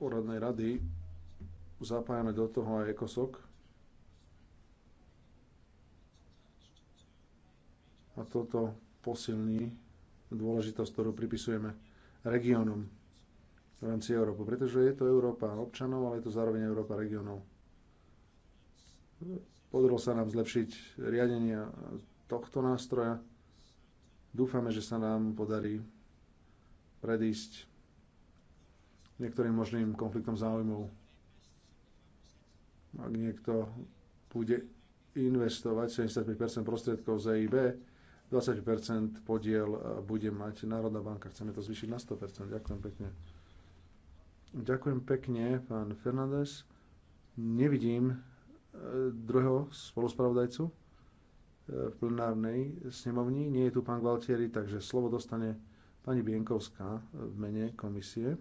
poradnej rady zapájame do toho aj ekosok. A toto posilní dôležitosť, ktorú pripisujeme regiónom v rámci Európy. Pretože je to Európa občanov, ale je to zároveň Európa regiónov. Podarilo sa nám zlepšiť riadenie tohto nástroja. Dúfame, že sa nám podarí predísť niektorým možným konfliktom záujmov. Ak niekto bude investovať 75% prostriedkov z EIB, 20% podiel bude mať Národná banka. Chceme to zvýšiť na 100%. Ďakujem pekne. Ďakujem pekne, pán Fernández. Nevidím e, druhého spoluspravodajcu e, v plenárnej snemovni. Nie je tu pán Gualtieri, takže slovo dostane pani Bienkovská v mene komisie.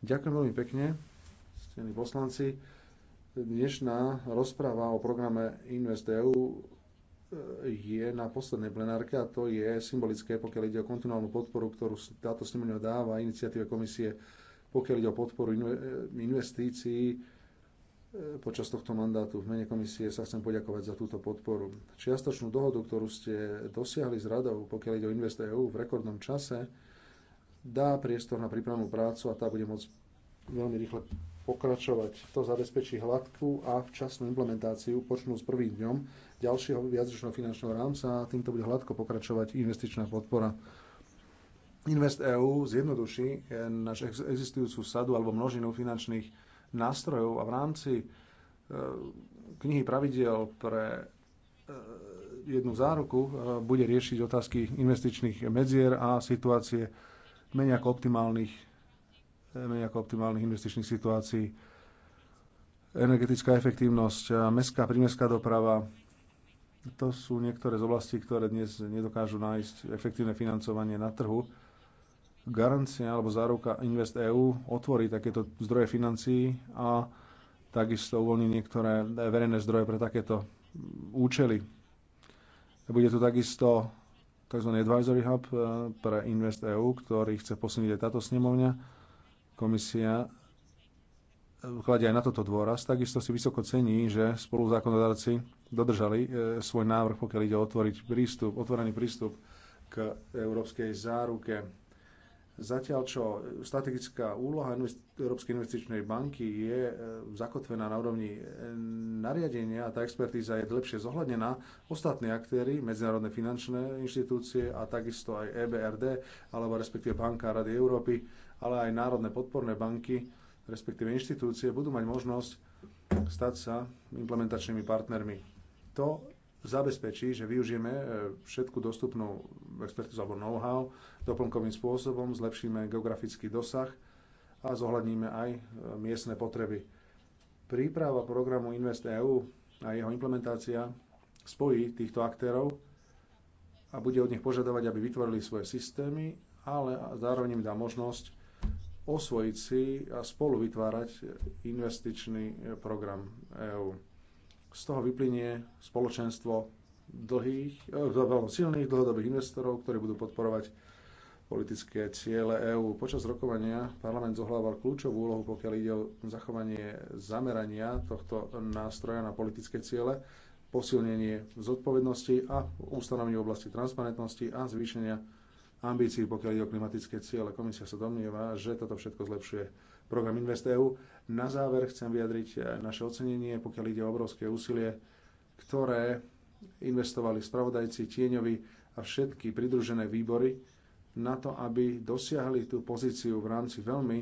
Ďakujem veľmi pekne, stení poslanci. Dnešná rozpráva o programe InvestEU e, je na poslednej plenárke a to je symbolické, pokiaľ ide o kontinuálnu podporu, ktorú táto snemenia dáva iniciatíve komisie, pokiaľ ide o podporu e, investícií e, počas tohto mandátu. V mene komisie sa chcem poďakovať za túto podporu. Čiastočnú dohodu, ktorú ste dosiahli s radou, pokiaľ ide o InvestEU EU v rekordnom čase, dá priestor na prípravnú prácu a tá bude môcť veľmi rýchle pokračovať. To zabezpečí hladkú a včasnú implementáciu počnú s prvým dňom ďalšieho viacročného finančného rámca a týmto bude hladko pokračovať investičná podpora. Invest EU zjednoduší našu existujúcu sadu alebo množinu finančných nástrojov a v rámci e, knihy pravidel pre e, jednu záruku e, bude riešiť otázky investičných medzier a situácie menej ako optimálnych, eh, menej ako optimálnych investičných situácií, energetická efektívnosť, eh, mestská, prímestská doprava. To sú niektoré z oblastí, ktoré dnes nedokážu nájsť efektívne financovanie na trhu. Garancia alebo záruka Invest EU otvorí takéto zdroje financií a takisto uvoľní niektoré verejné zdroje pre takéto účely. Bude tu takisto tzv. advisory hub eh, pre Invest EU, ktorý chce posilniť aj táto snemovňa. Komisia eh, kladie aj na toto dôraz. Takisto si vysoko cení, že spoluzákonodárci dodržali eh, svoj návrh, pokiaľ ide otvoriť prístup, otvorený prístup k európskej záruke Zatiaľ, čo strategická úloha Európskej investičnej banky je e, zakotvená na úrovni e, nariadenia a tá expertíza je lepšie zohľadnená, ostatní aktéry, medzinárodné finančné inštitúcie a takisto aj EBRD, alebo respektíve Banka Rady Európy, ale aj národné podporné banky, respektíve inštitúcie, budú mať možnosť stať sa implementačnými partnermi. To zabezpečí, že využijeme e, všetku dostupnú expertizu alebo know-how doplnkovým spôsobom, zlepšíme geografický dosah a zohľadníme aj e, miestne potreby. Príprava programu EU e a jeho implementácia spojí týchto aktérov a bude od nich požadovať, aby vytvorili svoje systémy, ale zároveň im dá možnosť osvojiť si a spolu vytvárať investičný program EU. Z toho vyplynie spoločenstvo dlhých, veľmi eh, silných dlhodobých investorov, ktorí budú podporovať politické ciele EÚ. Počas rokovania parlament zohľadoval kľúčovú úlohu, pokiaľ ide o zachovanie zamerania tohto nástroja na politické ciele, posilnenie zodpovednosti a ustanovenie oblasti transparentnosti a zvýšenia ambícií, pokiaľ ide o klimatické ciele. Komisia sa domnieva, že toto všetko zlepšuje program InvestEU. Na záver chcem vyjadriť eh, naše ocenenie, pokiaľ ide o obrovské úsilie, ktoré investovali spravodajci Tieňovi a všetky pridružené výbory na to, aby dosiahli tú pozíciu v rámci veľmi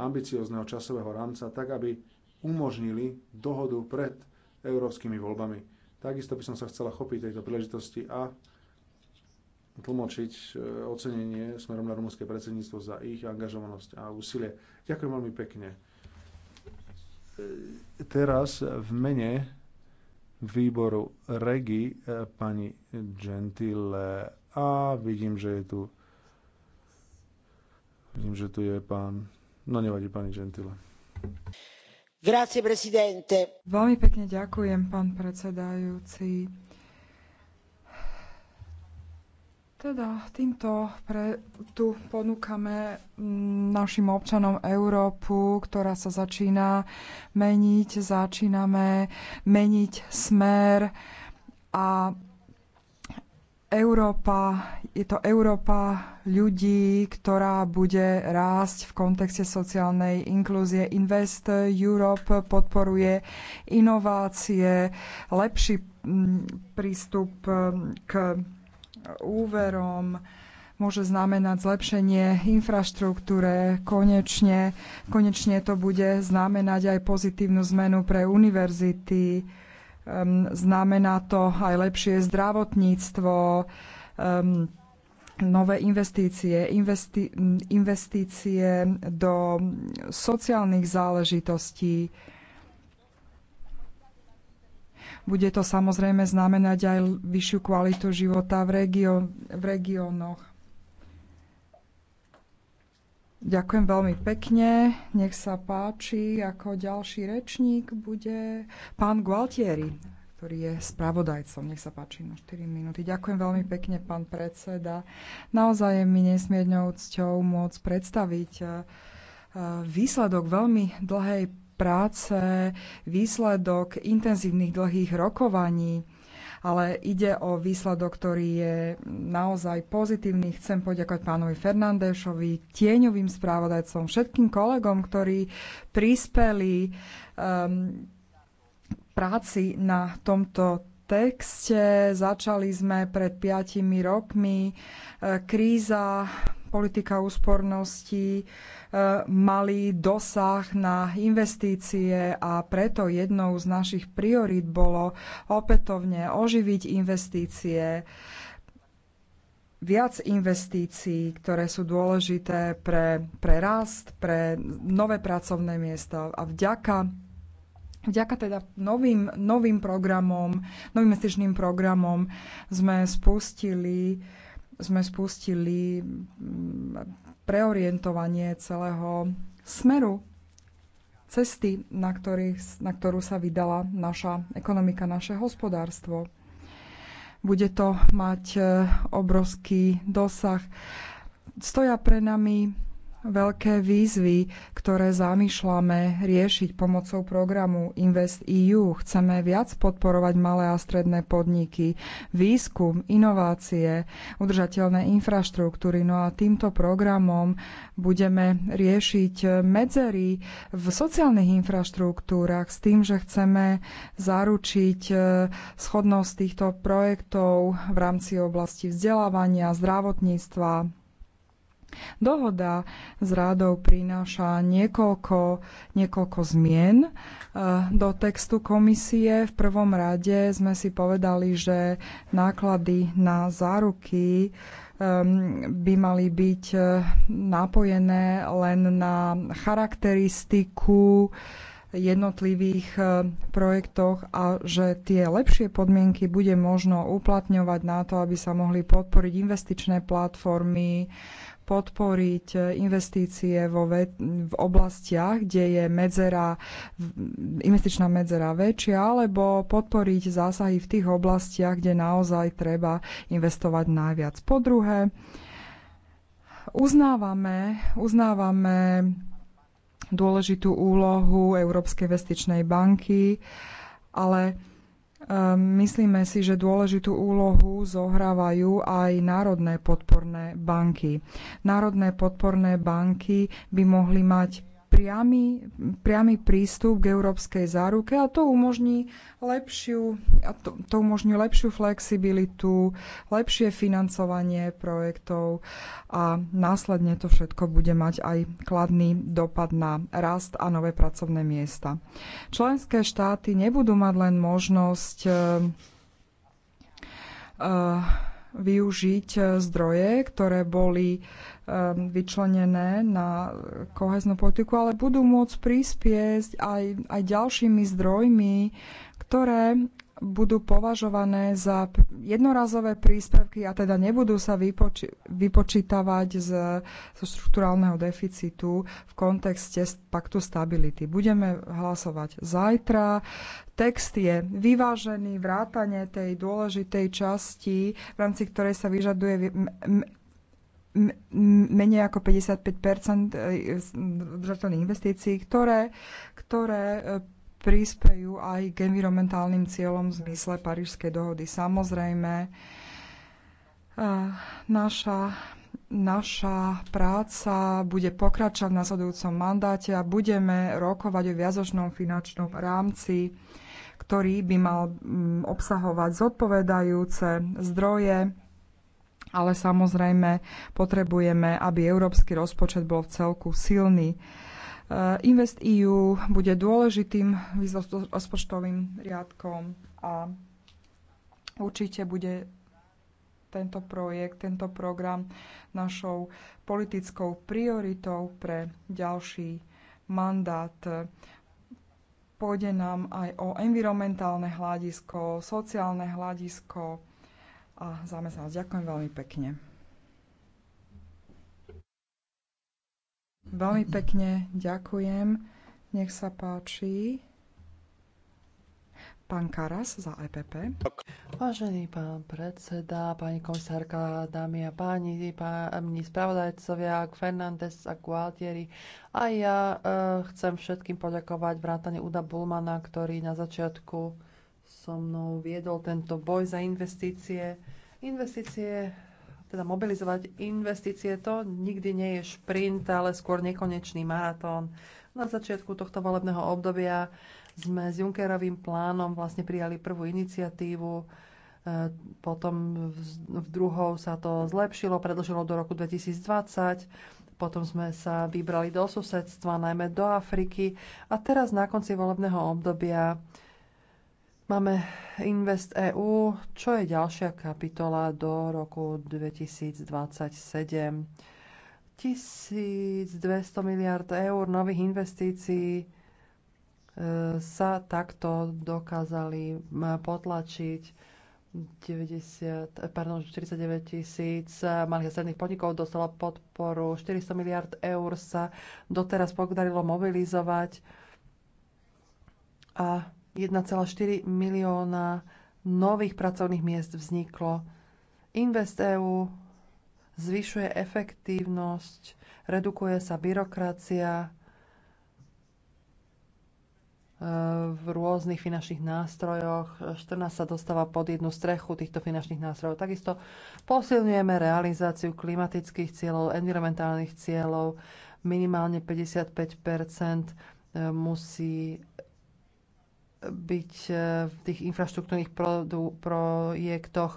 ambiciozného časového rámca, tak aby umožnili dohodu pred európskymi voľbami. Takisto by som sa chcela chopiť tejto príležitosti a tlmočiť e, ocenenie smerom na rumúnske predsedníctvo za ich angažovanosť a úsilie. Ďakujem veľmi pekne. E, teraz v mene výboru Regi e, pani Gentile a vidím, že je tu vidím, že tu je pán no nevadí pani Gentile. Grazie, presidente. Veľmi pekne ďakujem, pán predsedajúci Teda týmto pre, tu ponúkame našim občanom Európu, ktorá sa začína meniť, začíname meniť smer a Európa, je to Európa ľudí, ktorá bude rásť v kontexte sociálnej inklúzie. Invest Europe podporuje inovácie, lepší prístup k úverom, môže znamenať zlepšenie infraštruktúre. Konečne, konečne to bude znamenať aj pozitívnu zmenu pre univerzity. Ehm, znamená to aj lepšie zdravotníctvo, ehm, nové investície, investi- investície do sociálnych záležitostí. Bude to samozrejme znamenať aj vyššiu kvalitu života v, regió- v regiónoch. Ďakujem veľmi pekne. Nech sa páči, ako ďalší rečník bude pán Gualtieri, ktorý je spravodajcom. Nech sa páči na 4 minúty. Ďakujem veľmi pekne, pán predseda. Naozaj je mi nesmiernou cťou môcť predstaviť eh, výsledok veľmi dlhej práce, výsledok intenzívnych dlhých rokovaní, ale ide o výsledok, ktorý je naozaj pozitívny. Chcem poďakovať pánovi Fernandéšovi, tieňovým správodajcom, všetkým kolegom, ktorí prispeli um, práci na tomto texte. Začali sme pred piatimi rokmi. Kríza politika úspornosti e, mali dosah na investície a preto jednou z našich priorít bolo opätovne oživiť investície, viac investícií, ktoré sú dôležité pre, pre rast, pre nové pracovné miesta. A vďaka, vďaka teda novým, novým programom, novým investičným programom sme spustili sme spustili mm, preorientovanie celého smeru cesty, na, ktorý, na ktorú sa vydala naša ekonomika, naše hospodárstvo. Bude to mať eh, obrovský dosah. Stoja pre nami veľké výzvy, ktoré zamýšľame riešiť pomocou programu Invest EU. Chceme viac podporovať malé a stredné podniky, výskum, inovácie, udržateľné infraštruktúry. No a týmto programom budeme riešiť medzery v sociálnych infraštruktúrach s tým, že chceme zaručiť e, schodnosť týchto projektov v rámci oblasti vzdelávania, zdravotníctva, Dohoda s rádou prináša niekoľko, niekoľko zmien eh, do textu komisie. V prvom rade sme si povedali, že náklady na záruky ehm, by mali byť eh, napojené len na charakteristiku jednotlivých eh, projektoch a že tie lepšie podmienky bude možno uplatňovať na to, aby sa mohli podporiť investičné platformy, podporiť e, investície vo ve- v oblastiach, kde je medzera, investičná medzera väčšia, alebo podporiť zásahy v tých oblastiach, kde naozaj treba investovať najviac. Po druhé, uznávame, uznávame dôležitú úlohu Európskej investičnej banky, ale Ehm, myslíme si, že dôležitú úlohu zohrávajú aj národné podporné banky. Národné podporné banky by mohli mať priamy, priamy prístup k európskej záruke a to umožní lepšiu, a to, to umožní lepšiu flexibilitu, lepšie financovanie projektov a následne to všetko bude mať aj kladný dopad na rast a nové pracovné miesta. Členské štáty nebudú mať len možnosť uh, uh, využiť e, zdroje, ktoré boli e, vyčlenené na koheznú politiku, ale budú môcť prispieť aj, aj ďalšími zdrojmi, ktoré budú považované za jednorazové príspevky a teda nebudú sa vypoči- vypočítavať z, zo štruktúrálneho deficitu v kontexte paktu stability. Budeme hlasovať zajtra. Text je vyvážený, vrátane tej dôležitej časti, v rámci ktorej sa vyžaduje menej ako 55 udržateľných investícií, ktoré, ktoré prispejú aj k environmentálnym cieľom v zmysle Parížskej dohody. Samozrejme, eh, naša, naša práca bude pokračovať v nasledujúcom mandáte a budeme rokovať o viazočnom finančnom rámci, ktorý by mal mm, obsahovať zodpovedajúce zdroje ale samozrejme potrebujeme, aby európsky rozpočet bol v celku silný. Eh, Invest EU bude dôležitým rozpočtovým riadkom a určite bude tento projekt, tento program našou politickou prioritou pre ďalší mandát. Pôjde nám aj o environmentálne hľadisko, sociálne hľadisko a zamestnanosť. Ďakujem veľmi pekne. Veľmi pekne ďakujem. Nech sa páči. Pán Karas za EPP. Vážený pán predseda, pani komisárka, dámy a páni, páni spravodajcovia, Fernández a Gualtieri. A ja e, chcem všetkým poďakovať vrátane Uda Bulmana, ktorý na začiatku so mnou viedol tento boj za investície. Investície teda mobilizovať investície, to nikdy nie je šprint, ale skôr nekonečný maratón. Na začiatku tohto volebného obdobia sme s Junckerovým plánom vlastne prijali prvú iniciatívu, e, potom v druhou sa to zlepšilo, predlžilo do roku 2020, potom sme sa vybrali do susedstva, najmä do Afriky a teraz na konci volebného obdobia Máme Invest EU, čo je ďalšia kapitola do roku 2027. 1200 miliard eur nových investícií e, sa takto dokázali potlačiť 90, pardon, 49 tisíc e, malých a stredných podnikov dostalo podporu, 400 miliard eur sa doteraz podarilo mobilizovať a 1,4 milióna nových pracovných miest vzniklo. InvestEU zvyšuje efektívnosť, redukuje sa byrokracia e, v rôznych finančných nástrojoch. 14 sa dostáva pod jednu strechu týchto finančných nástrojov. Takisto posilňujeme realizáciu klimatických cieľov, environmentálnych cieľov. Minimálne 55 e, musí byť e, v tých infraštruktúrnych projektoch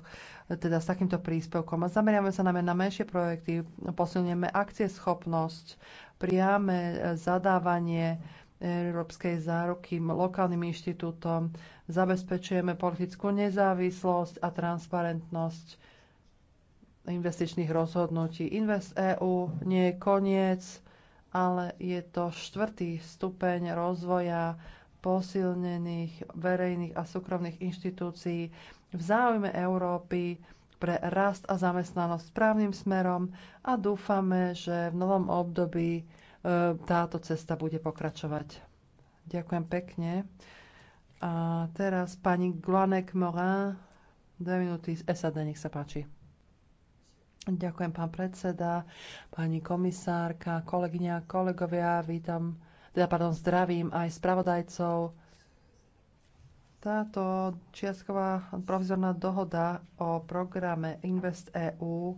teda s takýmto príspevkom. A zameriame sa najmä na menšie projekty, posilňujeme akcieschopnosť, priame e, zadávanie Európskej záruky lokálnym inštitútom, zabezpečujeme politickú nezávislosť a transparentnosť investičných rozhodnutí. Invest EU nie je koniec, ale je to štvrtý stupeň rozvoja posilnených verejných a súkromných inštitúcií v záujme Európy pre rast a zamestnanosť správnym smerom a dúfame, že v novom období e, táto cesta bude pokračovať. Ďakujem pekne. A teraz pani Glanek Morin, dve minúty z SAD, nech sa páči. Ďakujem, pán predseda, pani komisárka, kolegyňa, kolegovia, vítam teda pardon, zdravím aj spravodajcov. Táto čiastková provizorná dohoda o programe Invest EU e,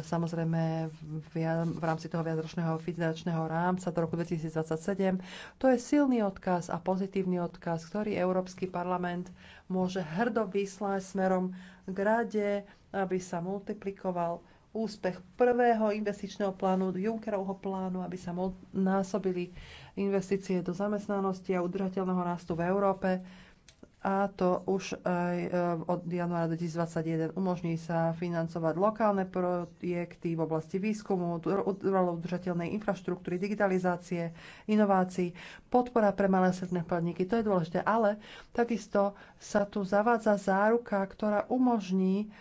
samozrejme v rámci toho viacročného finančného rámca do roku 2027. To je silný odkaz a pozitívny odkaz, ktorý Európsky parlament môže hrdo vyslať smerom k rade, aby sa multiplikoval úspech prvého investičného plánu, Junckerovho plánu, aby sa násobili investície do zamestnanosti a udržateľného rastu v Európe. A to už aj e, od januára 2021 umožní sa financovať lokálne projekty v oblasti výskumu, udržateľnej infraštruktúry, digitalizácie, inovácií, podpora pre malé stredné podniky. To je dôležité, ale takisto sa tu zavádza záruka, ktorá umožní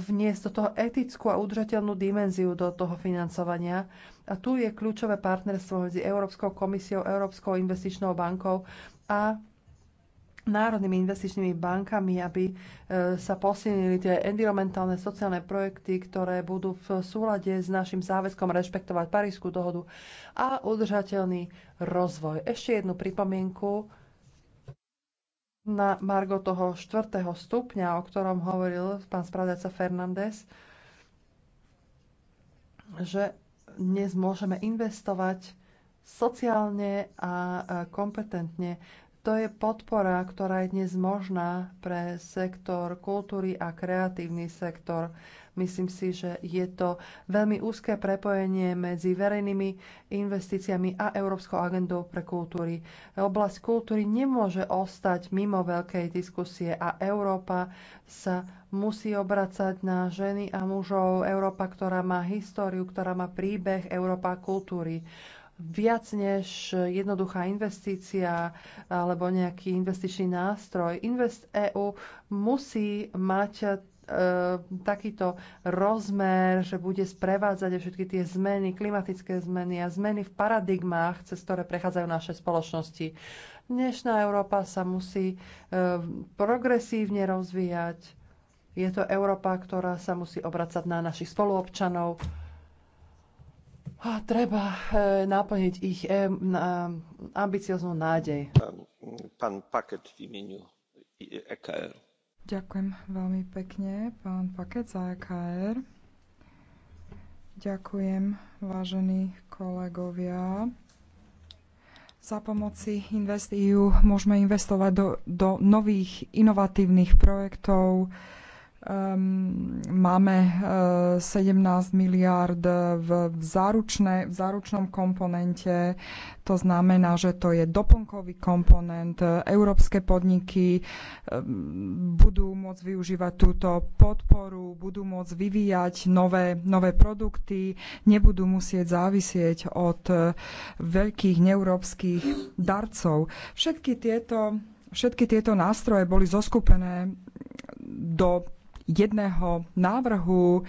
vniesť do toho etickú a udržateľnú dimenziu do toho financovania. A tu je kľúčové partnerstvo medzi Európskou komisiou, Európskou investičnou bankou a národnými investičnými bankami, aby e, sa posilnili tie environmentálne sociálne projekty, ktoré budú v súlade s našim záväzkom rešpektovať Parísku dohodu a udržateľný rozvoj. Ešte jednu pripomienku na margo toho štvrtého stupňa, o ktorom hovoril pán spravodajca Fernández, že dnes môžeme investovať sociálne a kompetentne. To je podpora, ktorá je dnes možná pre sektor kultúry a kreatívny sektor. Myslím si, že je to veľmi úzke prepojenie medzi verejnými investíciami a Európskou agendou pre kultúry. Oblasť kultúry nemôže ostať mimo veľkej diskusie a Európa sa musí obracať na ženy a mužov. Európa, ktorá má históriu, ktorá má príbeh, Európa kultúry viac než jednoduchá investícia alebo nejaký investičný nástroj. Invest EU musí mať e, takýto rozmer, že bude sprevádzať všetky tie zmeny, klimatické zmeny a zmeny v paradigmách, cez ktoré prechádzajú naše spoločnosti. Dnešná Európa sa musí e, progresívne rozvíjať. Je to Európa, ktorá sa musí obracať na našich spoluobčanov, a treba e, naplniť ich e, na ambicioznú nádej. Pán Paket v imeniu EKR. Ďakujem veľmi pekne, pán Paket za EKR. Ďakujem, vážení kolegovia. Za pomoci InvestEU môžeme investovať do, do nových inovatívnych projektov, Um, máme uh, eh, 17 miliárd v, v, záručne, v záručnom komponente, to znamená, že to je doplnkový komponent. Európske podniky um, budú môcť využívať túto podporu, budú môcť vyvíjať nové, nové produkty, nebudú musieť závisieť od uh, veľkých neurópskych darcov. Všetky tieto, všetky tieto nástroje boli zoskupené do jedného návrhu.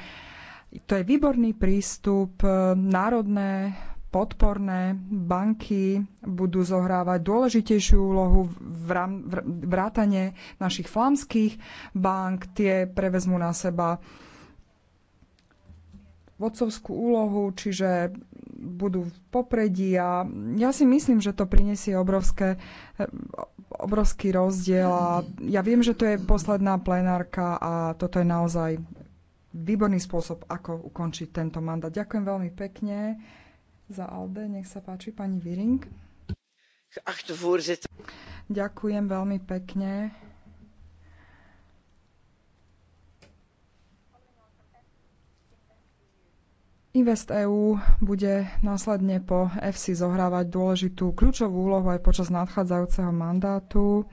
To je výborný prístup. Národné podporné banky budú zohrávať dôležitejšiu úlohu v vrátane našich flámskych bank. Tie prevezmú na seba vodcovskú úlohu, čiže budú v popredí a ja si myslím, že to prinesie obrovské, obrovský rozdiel a ja viem, že to je posledná plenárka a toto je naozaj výborný spôsob, ako ukončiť tento mandát. Ďakujem veľmi pekne za Alde. Nech sa páči, pani Viring. Ach, Ďakujem veľmi pekne. Invest EU bude následne po EFSI zohrávať dôležitú kľúčovú úlohu aj počas nadchádzajúceho mandátu.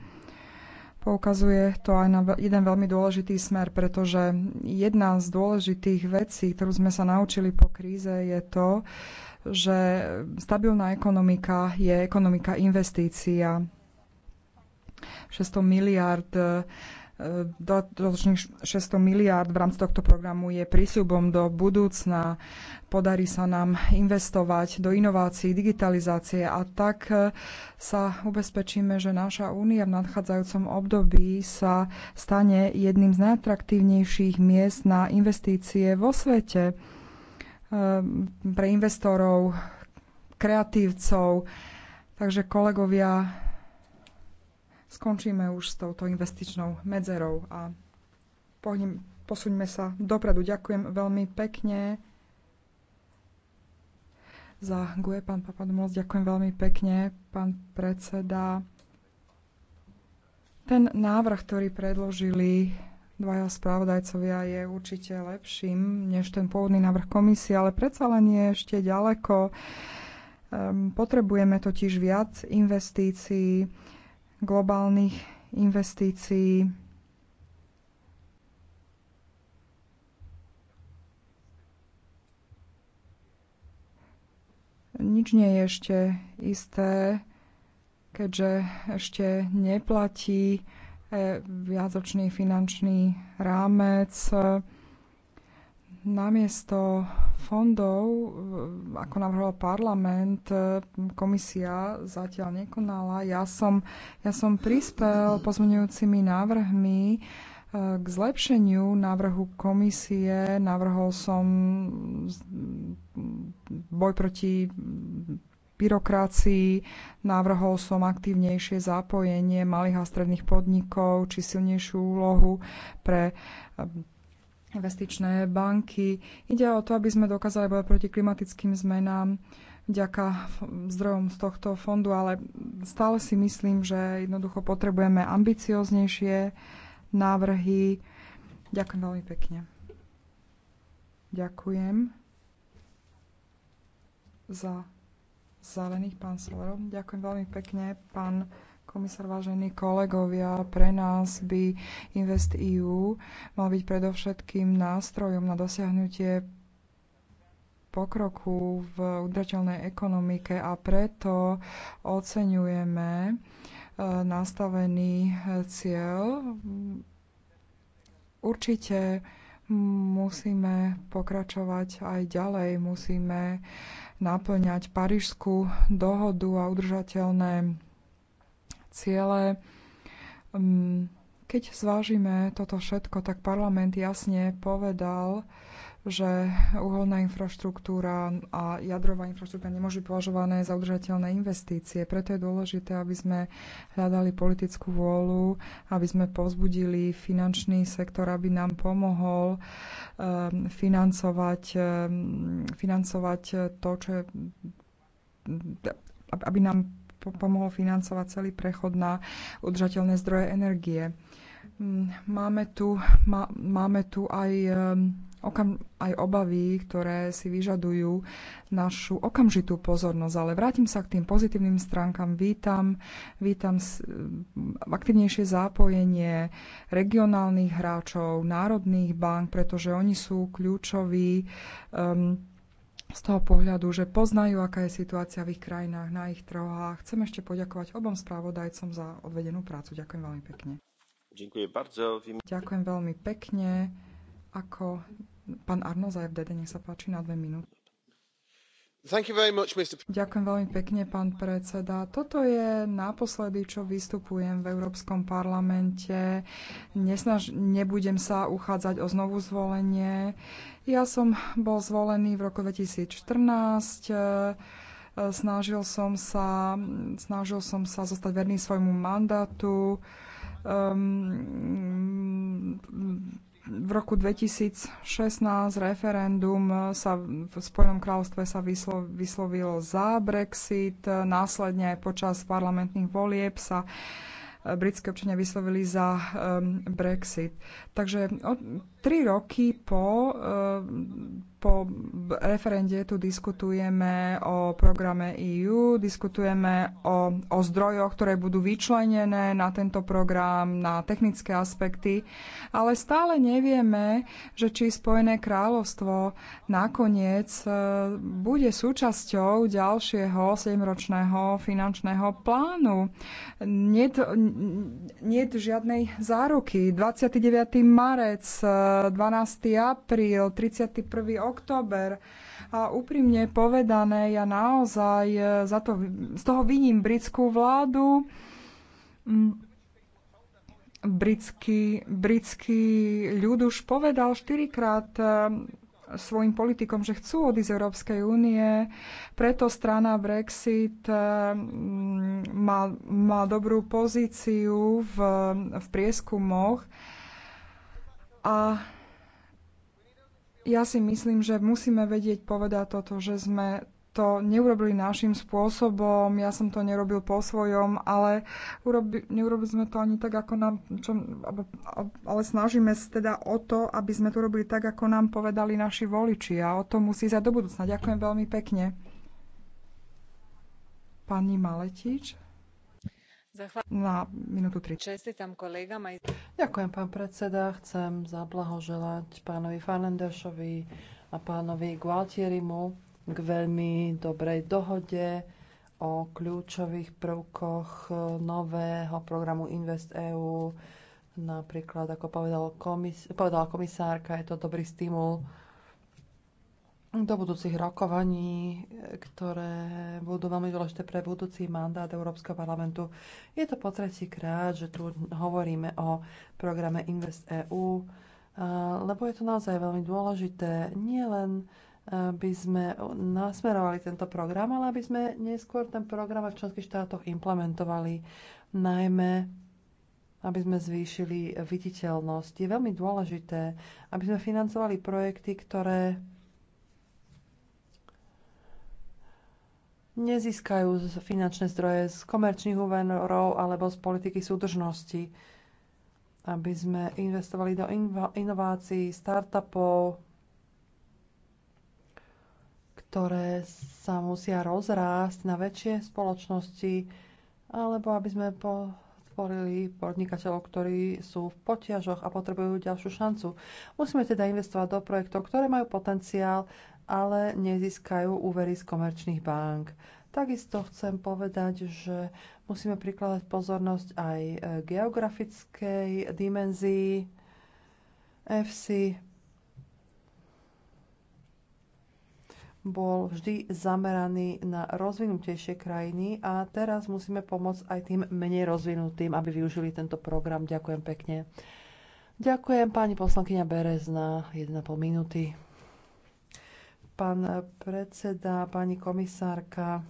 Poukazuje to aj na jeden veľmi dôležitý smer, pretože jedna z dôležitých vecí, ktorú sme sa naučili po kríze, je to, že stabilná ekonomika je ekonomika investícia. 600 miliard dodatočných 600 miliárd v rámci tohto programu je prísľubom do budúcna. Podarí sa nám investovať do inovácií, digitalizácie a tak e, sa ubezpečíme, že naša únia v nadchádzajúcom období sa stane jedným z najatraktívnejších miest na investície vo svete e, pre investorov, kreatívcov. Takže kolegovia, skončíme už s touto investičnou medzerou a pohnem, posuňme sa dopredu. Ďakujem veľmi pekne za GUE, pán Papadomos. Ďakujem veľmi pekne, pán predseda. Ten návrh, ktorý predložili dvaja spravodajcovia je určite lepším než ten pôvodný návrh komisie, ale predsa len je ešte ďaleko. Ehm, potrebujeme totiž viac investícií globálnych investícií. Nič nie je ešte isté, keďže ešte neplatí e, viacročný finančný rámec. Namiesto fondov, ako navrhol parlament, komisia zatiaľ nekonala. Ja som, ja som prispel pozmeňujúcimi návrhmi eh, k zlepšeniu návrhu komisie. Navrhol som boj proti byrokracii, návrhol som aktívnejšie zapojenie malých a stredných podnikov či silnejšiu úlohu pre investičné banky. Ide o to, aby sme dokázali bojovať proti klimatickým zmenám vďaka zdrojom z tohto fondu, ale stále si myslím, že jednoducho potrebujeme ambicioznejšie návrhy. Ďakujem veľmi pekne. Ďakujem za zelených pán Solerov. Ďakujem veľmi pekne, pán komisár, vážení kolegovia, pre nás by InvestEU mal byť predovšetkým nástrojom na dosiahnutie pokroku v udržateľnej ekonomike a preto oceňujeme e, nastavený e, cieľ. Určite musíme pokračovať aj ďalej, musíme naplňať Parížskú dohodu a udržateľné ciele. Mm, keď zvážime toto všetko, tak parlament jasne povedal, že uholná infraštruktúra a jadrová infraštruktúra nemôžu považované za udržateľné investície. Preto je dôležité, aby sme hľadali politickú vôľu, aby sme povzbudili finančný sektor, aby nám pomohol um, financovať, um, financovať to, čo je, aby nám pomohlo financovať celý prechod na udržateľné zdroje energie. Mm, máme tu, má, máme tu aj, okam, aj obavy, ktoré si vyžadujú našu okamžitú pozornosť, ale vrátim sa k tým pozitívnym stránkam. Vítam, vítam aktivnejšie zápojenie regionálnych hráčov, národných bank, pretože oni sú kľúčoví. Um, z toho pohľadu, že poznajú, aká je situácia v ich krajinách, na ich trhoch. A chcem ešte poďakovať obom správodajcom za odvedenú prácu. Ďakujem veľmi pekne. Ďakujem bardzo. Ďakujem veľmi pekne. Ako pán Arno za FDD, nech sa páči na dve minúty. Ďakujem veľmi pekne, pán predseda. Toto je naposledy, čo vystupujem v Európskom parlamente. Nesnaž, nebudem sa uchádzať o znovu zvolenie. Ja som bol zvolený v roku 2014. E, snažil som sa, snažil som sa zostať verný svojmu mandátu. Um, v roku 2016 referendum sa v Spojenom kráľovstve sa vyslo, vyslovilo za Brexit, následne aj počas parlamentných volieb sa e, britské občania vyslovili za um, Brexit. Takže od, Tri roky po, eh, po referende tu diskutujeme o programe EU, diskutujeme o, o zdrojoch, ktoré budú vyčlenené na tento program, na technické aspekty, ale stále nevieme, že či Spojené kráľovstvo nakoniec eh, bude súčasťou ďalšieho 7-ročného finančného plánu. Nie niet žiadnej záruky. 29. marec eh, 12. apríl, 31. október. A úprimne povedané, ja naozaj e, za to, z toho viním britskú vládu, mm. britský, britský ľud už povedal štyrikrát e, svojim politikom, že chcú odísť z Európskej únie, preto strana Brexit e, má, má dobrú pozíciu v, v prieskumoch. A ja si myslím, že musíme vedieť povedať toto, že sme to neurobili našim spôsobom, ja som to nerobil po svojom, ale urobi, neurobili sme to ani tak, ako nám, čo, ale snažíme sa teda o to, aby sme to robili tak, ako nám povedali naši voliči a o to musí sa do budúcna. Ďakujem veľmi pekne. Pani Maletič. Na minútu 3. Ďakujem, pán predseda. Chcem zablahoželať pánovi Fernandešovi a pánovi Gualtierimu k veľmi dobrej dohode o kľúčových prvkoch e, nového programu InvestEU. Napríklad, ako povedal komis- povedala komisárka, je to dobrý stimul do budúcich rokovaní, ktoré budú veľmi dôležité pre budúci mandát Európskeho parlamentu. Je to po tretí krát, že tu hovoríme o programe Invest EU, eh, lebo je to naozaj veľmi dôležité. Nie len eh, by sme nasmerovali tento program, ale aby sme neskôr ten program v členských štátoch implementovali, najmä aby sme zvýšili viditeľnosť. Je veľmi dôležité, aby sme financovali projekty, ktoré nezískajú finančné zdroje z komerčných úverov alebo z politiky súdržnosti, aby sme investovali do inovácií, startupov, ktoré sa musia rozrásť na väčšie spoločnosti, alebo aby sme podporili podnikateľov, ktorí sú v potiažoch a potrebujú ďalšiu šancu. Musíme teda investovať do projektov, ktoré majú potenciál ale nezískajú úvery z komerčných bank. Takisto chcem povedať, že musíme prikladať pozornosť aj e, geografickej dimenzii FC. Bol vždy zameraný na rozvinutejšie krajiny a teraz musíme pomôcť aj tým menej rozvinutým, aby využili tento program. Ďakujem pekne. Ďakujem pani poslankyňa Berez na 1,5 minúty. Pán predseda, pani komisárka,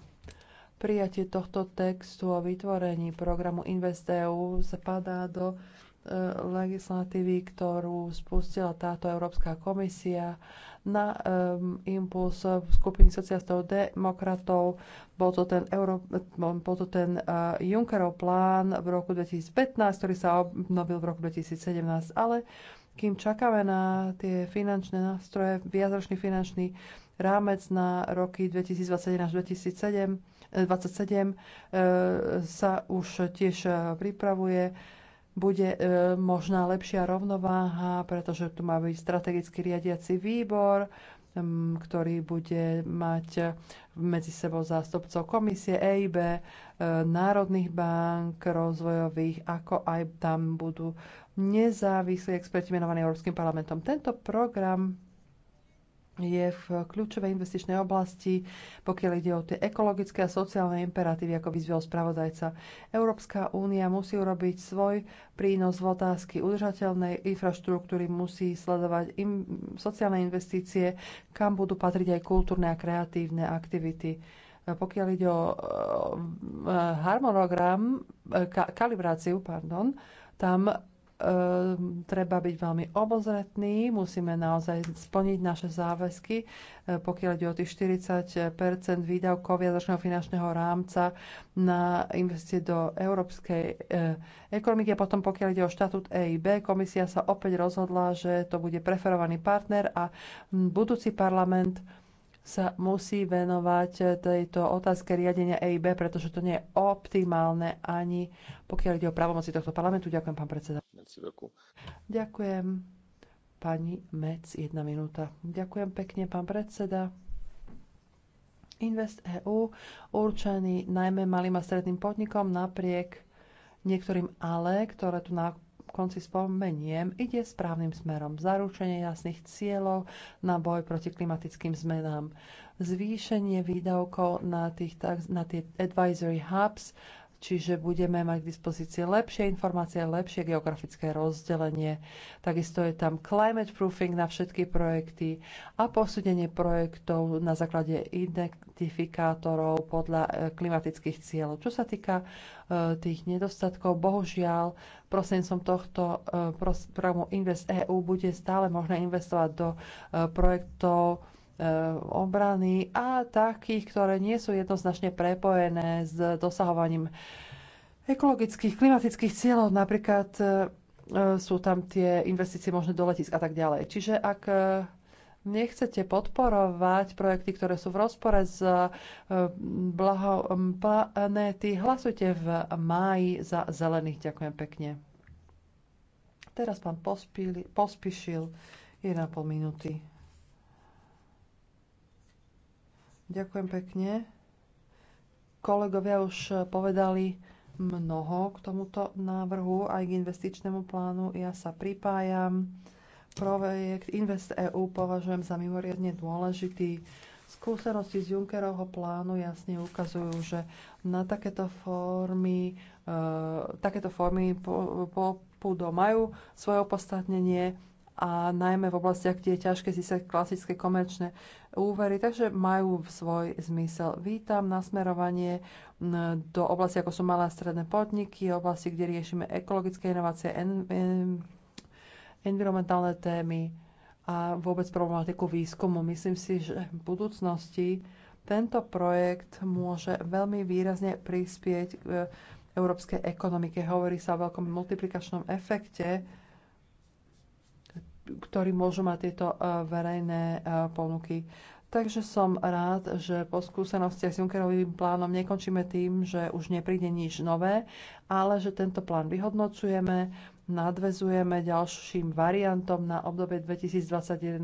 prijatie tohto textu o vytvorení programu InvestEU zapadá do e, legislatívy, ktorú spustila táto Európska komisia na um, impuls skupiny sociálistov demokratov. Bol to ten, Euró- bol to ten uh, Junckerov plán v roku 2015, ktorý sa obnovil v roku 2017, ale kým čakáme na tie finančné nástroje, viacročný finančný rámec na roky 2021 až 2027 eh, eh, sa už tiež eh, pripravuje. Bude možná lepšia rovnováha, pretože tu má byť strategický riadiaci výbor, ktorý bude mať e, medzi sebou zástupcov komisie EIB, e, národných bank, rozvojových, ako aj tam budú nezávislí experti menovaní Európskym parlamentom. Tento program je v kľúčovej investičnej oblasti, pokiaľ ide o tie ekologické a sociálne imperatívy, ako vyzvel spravodajca. Európska únia musí urobiť svoj prínos v otázky udržateľnej infraštruktúry, musí sledovať im, sociálne investície, kam budú patriť aj kultúrne a kreatívne aktivity. Pokiaľ ide o harmonogram, ka, kalibráciu, pardon, tam Ehm, treba byť veľmi obozretný, musíme naozaj splniť naše záväzky, ehm, pokiaľ ide o tých 40 výdavkov viacročného finančného rámca na investície do európskej ehm, ekonomiky. A potom, pokiaľ ide o štatút EIB, komisia sa opäť rozhodla, že to bude preferovaný partner a budúci parlament sa musí venovať tejto otázke riadenia EIB, pretože to nie je optimálne ani pokiaľ ide o právomoci tohto parlamentu. Ďakujem, pán predseda. Ďakujem. Pani Mec, jedna minúta. Ďakujem pekne, pán predseda. Invest EU určený najmä malým a stredným podnikom napriek niektorým ale, ktoré tu konci spomeniem, ide správnym smerom. Zaručenie jasných cieľov na boj proti klimatickým zmenám, zvýšenie výdavkov na, tých, na tie advisory hubs čiže budeme mať k dispozícii lepšie informácie, lepšie geografické rozdelenie. Takisto je tam climate proofing na všetky projekty a posúdenie projektov na základe identifikátorov podľa e, klimatických cieľov. Čo sa týka e, tých nedostatkov, bohužiaľ, prosím som tohto e, programu Invest EU bude stále možné investovať do projektov, E, obrany a takých, ktoré nie sú jednoznačne prepojené s dosahovaním ekologických, klimatických cieľov. Napríklad e, e, sú tam tie investície možné do letisk a tak ďalej. Čiže ak nechcete podporovať projekty, ktoré sú v rozpore s blahom planéty, hlasujte v máji za zelených. Ďakujem pekne. Teraz pán pospíli, pospíšil 1,5 minúty. Ďakujem pekne. Kolegovia už povedali mnoho k tomuto návrhu aj k investičnému plánu. Ja sa pripájam. Projekt Invest EU považujem za mimoriadne dôležitý. Skúsenosti z Junckerovho plánu jasne ukazujú, že na takéto formy, e, takéto formy popudo po, majú svoje opodstatnenie a najmä v oblastiach, kde je ťažké získať klasické komerčné úvery, takže majú svoj zmysel. Vítam nasmerovanie do oblasti, ako sú malé a stredné podniky, oblasti, kde riešime ekologické inovácie, en, en, environmentálne témy a vôbec problematiku výskumu. Myslím si, že v budúcnosti tento projekt môže veľmi výrazne prispieť k e, európskej ekonomike. Hovorí sa o veľkom multiplikačnom efekte, ktorí môžu mať tieto e, verejné e, ponuky. Takže som rád, že po skúsenostiach s Junckerovým plánom nekončíme tým, že už nepríde nič nové, ale že tento plán vyhodnocujeme, nadvezujeme ďalším variantom na obdobie 2021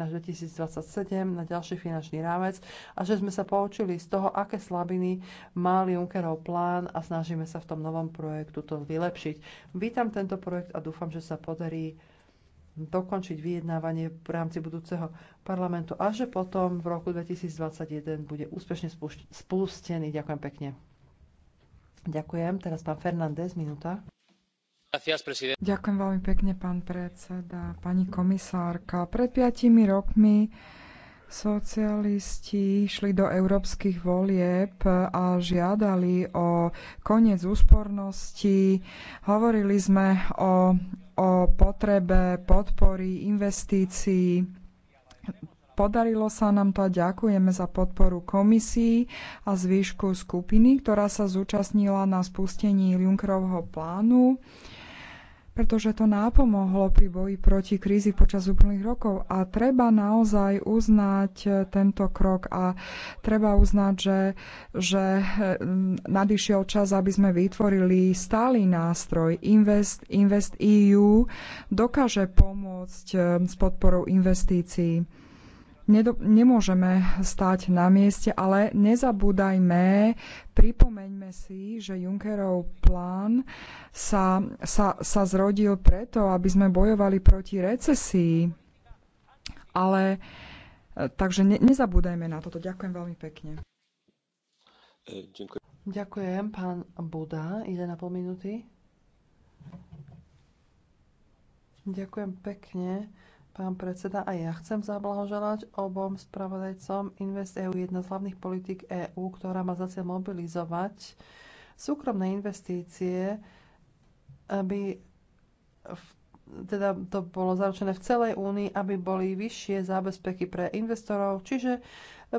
až 2027 na ďalší finančný rámec a že sme sa poučili z toho, aké slabiny mal Junckerov plán a snažíme sa v tom novom projektu to vylepšiť. Vítam tento projekt a dúfam, že sa podarí dokončiť vyjednávanie v rámci budúceho parlamentu a že potom v roku 2021 bude úspešne spustený. Ďakujem pekne. Ďakujem. Teraz pán Fernández, minúta. Ďakujem veľmi pekne, pán predseda, pani komisárka. Pred piatimi rokmi Socialisti šli do európskych volieb a žiadali o koniec úspornosti. Hovorili sme o, o potrebe podpory investícií. Podarilo sa nám to a ďakujeme za podporu komisii a zvýšku skupiny, ktorá sa zúčastnila na spustení Junckerovho plánu pretože to nápomohlo pri boji proti krízi počas úplných rokov. A treba naozaj uznať e, tento krok a treba uznať, že, že e, nadišiel čas, aby sme vytvorili stály nástroj Invest, Invest EU, dokáže pomôcť e, s podporou investícií nemôžeme stať na mieste, ale nezabúdajme, pripomeňme si, že Junckerov plán sa, sa, sa zrodil preto, aby sme bojovali proti recesii. Ale e, takže ne, nezabúdajme na toto. Ďakujem veľmi pekne. E, ďakujem. Ďakujem, pán Buda. Ide na pol minúty. Ďakujem pekne pán predseda. A ja chcem zablahoželať obom spravodajcom InvestEU, jedna z hlavných politik EÚ, ktorá má za cieľ mobilizovať súkromné investície, aby v teda to bolo zaručené v celej únii, aby boli vyššie zábezpeky pre investorov, čiže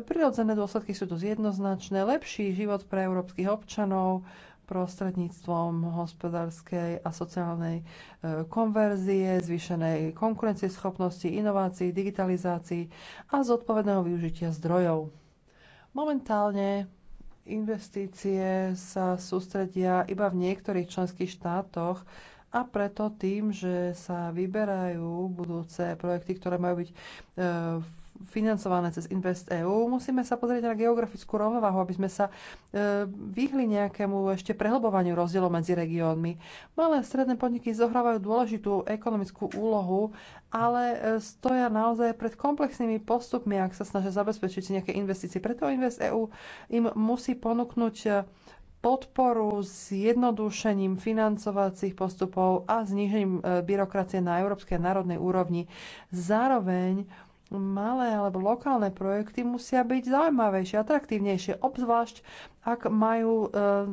prirodzené dôsledky sú dosť jednoznačné, lepší život pre európskych občanov, prostredníctvom hospodárskej a sociálnej e, konverzie, zvýšenej konkurencieschopnosti, inovácií, digitalizácií a zodpovedného využitia zdrojov. Momentálne investície sa sústredia iba v niektorých členských štátoch a preto tým, že sa vyberajú budúce projekty, ktoré majú byť e, v financované cez Invest EU. Musíme sa pozrieť na geografickú rovnováhu, aby sme sa e, vyhli nejakému ešte prehlbovaniu rozdielov medzi regiónmi. Malé a stredné podniky zohrávajú dôležitú ekonomickú úlohu, ale e, stoja naozaj pred komplexnými postupmi, ak sa snažia zabezpečiť si nejaké investície. Preto Invest EU im musí ponúknuť e, podporu s jednodušením financovacích postupov a znížením byrokracie na európskej národnej úrovni. Zároveň malé alebo lokálne projekty musia byť zaujímavejšie, atraktívnejšie, obzvlášť ak majú e,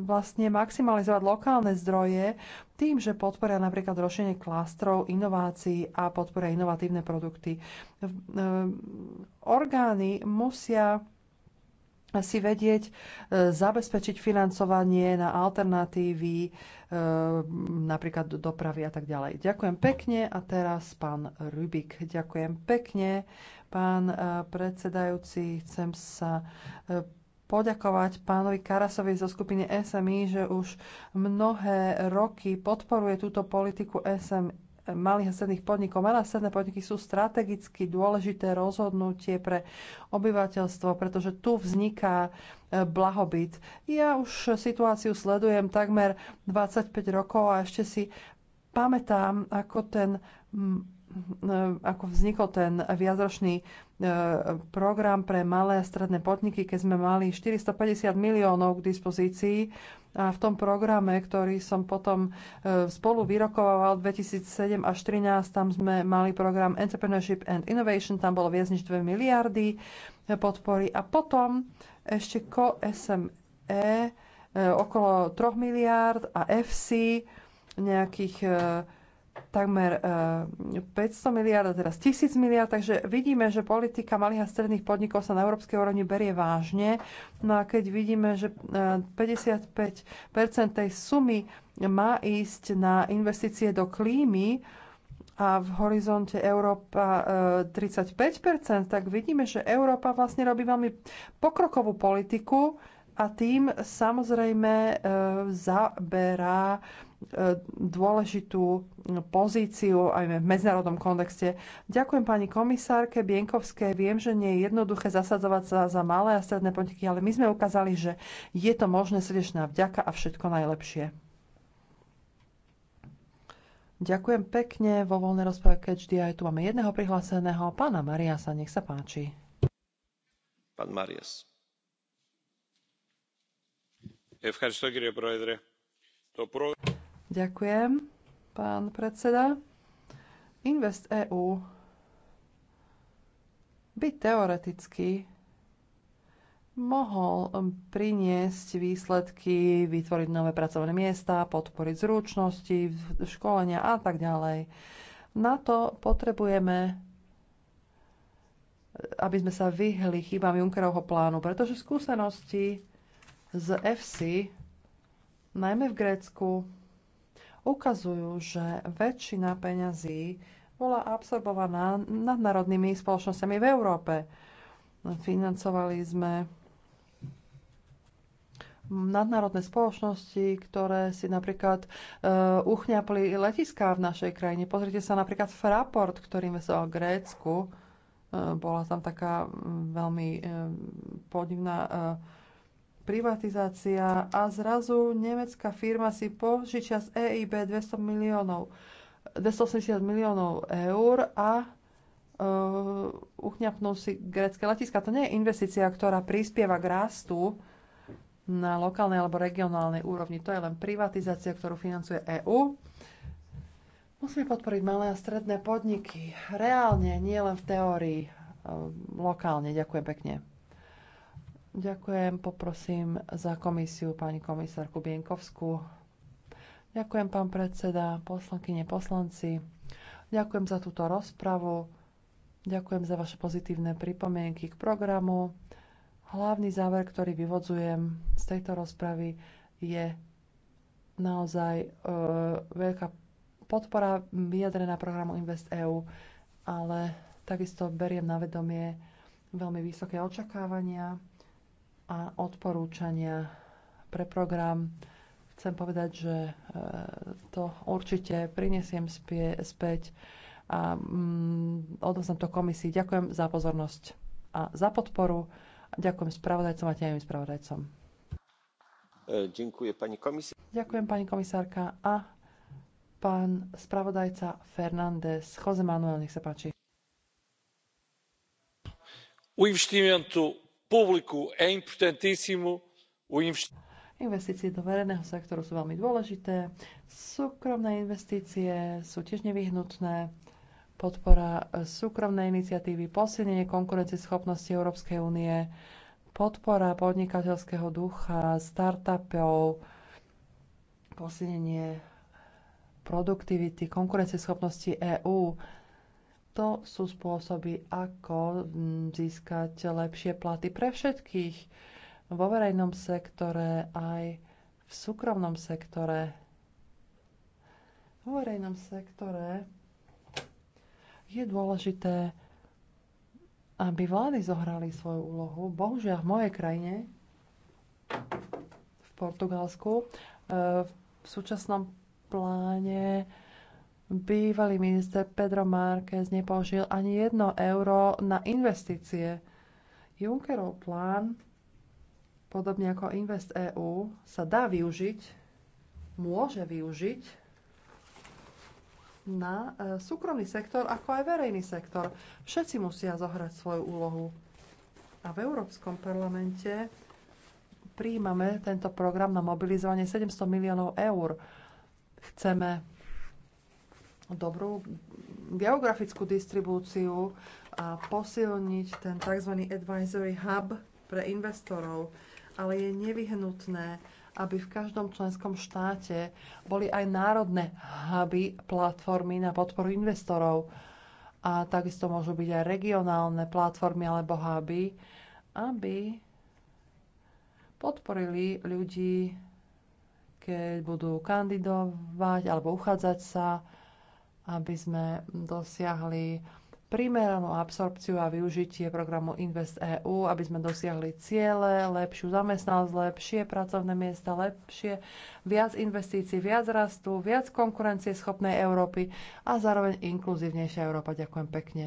vlastne maximalizovať lokálne zdroje tým, že podporia napríklad rošenie klastrov, inovácií a podporia inovatívne produkty. E, orgány musia si vedieť e, zabezpečiť financovanie na alternatívy, e, napríklad dopravy a tak ďalej. Ďakujem pekne a teraz pán Rubik. Ďakujem pekne, pán e, predsedajúci. Chcem sa poďakovať pánovi Karasovi zo skupiny SMI, že už mnohé roky podporuje túto politiku SMI malých a stredných podnikov. Malé a stredné podniky sú strategicky dôležité rozhodnutie pre obyvateľstvo, pretože tu vzniká e, blahobyt. Ja už situáciu sledujem takmer 25 rokov a ešte si pamätám, ako ten e, ako vznikol ten viacročný Eh, program pre malé a stredné podniky, keď sme mali 450 miliónov k dispozícii. A v tom programe, ktorý som potom eh, spolu vyrokoval 2007 až 2013, tam sme mali program Entrepreneurship and Innovation, tam bolo viac než 2 miliardy eh, podpory. A potom ešte CoSME okolo 3 miliárd a FC nejakých takmer 500 e, miliard a teraz 1000 miliard, takže vidíme, že politika malých a stredných podnikov sa na európskej úrovni berie vážne. No a keď vidíme, že 55% e, tej sumy má ísť na investície do klímy a v horizonte Európa 35%, e, tak vidíme, že Európa vlastne robí veľmi pokrokovú politiku, a tým samozrejme zaberá dôležitú pozíciu aj v medzinárodnom kontexte. Ďakujem pani komisárke Bienkovské. Viem, že nie je jednoduché zasadzovať sa za malé a stredné podniky, ale my sme ukázali, že je to možné srdečná vďaka a všetko najlepšie. Ďakujem pekne. Vo voľnej rozprave Catch aj tu máme jedného prihláseného. Pána Mariasa, nech sa páči. Pán Marias. Evcharisto, kde je Ďakujem, pán predseda. Invest EU by teoreticky mohol priniesť výsledky, vytvoriť nové pracovné miesta, podporiť zručnosti, školenia a tak ďalej. Na to potrebujeme, aby sme sa vyhli chybám Junckerovho plánu, pretože skúsenosti z FC, najmä v Grécku, ukazujú, že väčšina peňazí bola absorbovaná nadnárodnými spoločnosťami v Európe. Financovali sme nadnárodné spoločnosti, ktoré si napríklad e, uchňapli letiská v našej krajine. Pozrite sa napríklad Fraport, ktorý investoval Grécku. E, bola tam taká veľmi e, podivná e, privatizácia a zrazu nemecká firma si požičia z EIB 200 miliónov, 280 miliónov eur a uh, uchňapnú si grecké letiska. To nie je investícia, ktorá prispieva k rastu na lokálnej alebo regionálnej úrovni. To je len privatizácia, ktorú financuje EÚ. Musíme podporiť malé a stredné podniky. Reálne, nie len v teórii. E, lokálne. Ďakujem pekne. Ďakujem, poprosím za komisiu pani komisárku Bienkovskú. Ďakujem, pán predseda, poslankyne, poslanci. Ďakujem za túto rozpravu. Ďakujem za vaše pozitívne pripomienky k programu. Hlavný záver, ktorý vyvodzujem z tejto rozpravy, je naozaj e, veľká podpora vyjadrená programu InvestEU, ale takisto beriem na vedomie veľmi vysoké očakávania a odporúčania pre program. Chcem povedať, že e, to určite prinesiem späť a mm, odovzdám to komisii. Ďakujem za pozornosť a za podporu. Ďakujem spravodajcom a tajným spravodajcom. Ďakujem e, pani komisárka. Ďakujem pani komisárka a pán spravodajca Fernández. Jose Manuel, nech sa páči público é importantíssimo o Investície do verejného sektoru sú veľmi dôležité. Súkromné investície sú tiež nevyhnutné. Podpora súkromnej iniciatívy, posilnenie konkurencieschopnosti Európskej únie, podpora podnikateľského ducha, startupov, posilnenie produktivity, konkurencieschopnosti EÚ to sú spôsoby, ako mm, získať lepšie platy pre všetkých vo verejnom sektore, aj v súkromnom sektore. Vo verejnom sektore je dôležité, aby vlády zohrali svoju úlohu. Bohužiaľ, v mojej krajine, v Portugalsku, e, v súčasnom pláne Bývalý minister Pedro Márquez nepoložil ani jedno euro na investície. Junckerov plán, podobne ako Invest EU, sa dá využiť, môže využiť na e, súkromný sektor, ako aj verejný sektor. Všetci musia zohrať svoju úlohu. A v Európskom parlamente príjmame tento program na mobilizovanie 700 miliónov eur. Chceme dobrú geografickú distribúciu a posilniť ten tzv. advisory hub pre investorov, ale je nevyhnutné, aby v každom členskom štáte boli aj národné huby, platformy na podporu investorov. A takisto môžu byť aj regionálne platformy alebo huby, aby podporili ľudí, keď budú kandidovať alebo uchádzať sa aby sme dosiahli primeranú absorpciu a využitie programu InvestEU, aby sme dosiahli ciele, lepšiu zamestnanosť, lepšie pracovné miesta, lepšie, viac investícií, viac rastu, viac konkurencie schopnej Európy a zároveň inkluzívnejšia Európa. Ďakujem pekne.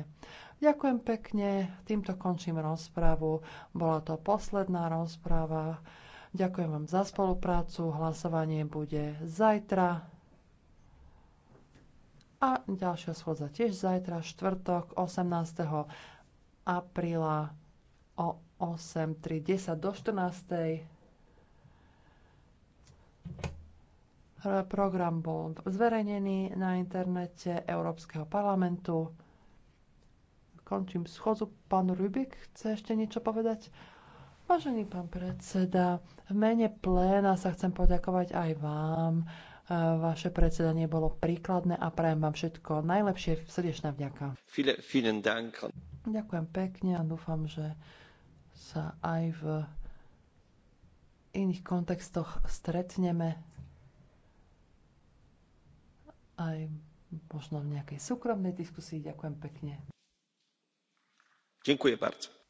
Ďakujem pekne, týmto končím rozpravu. Bola to posledná rozpráva. Ďakujem vám za spoluprácu. Hlasovanie bude zajtra. A ďalšia schôdza tiež zajtra, štvrtok 18. apríla o 8.30 do 14. Program bol zverejnený na internete Európskeho parlamentu. Končím schodzu. Pán Rubik chce ešte niečo povedať? Vážený pán predseda, v mene pléna sa chcem poďakovať aj vám Vaše predsedanie bolo príkladné a prajem vám všetko najlepšie. Srdečná vďaka. Ďakujem pekne a dúfam, že sa aj v iných kontextoch stretneme. Aj možno v nejakej súkromnej diskusii. Ďakujem pekne. Ďakujem bardzo.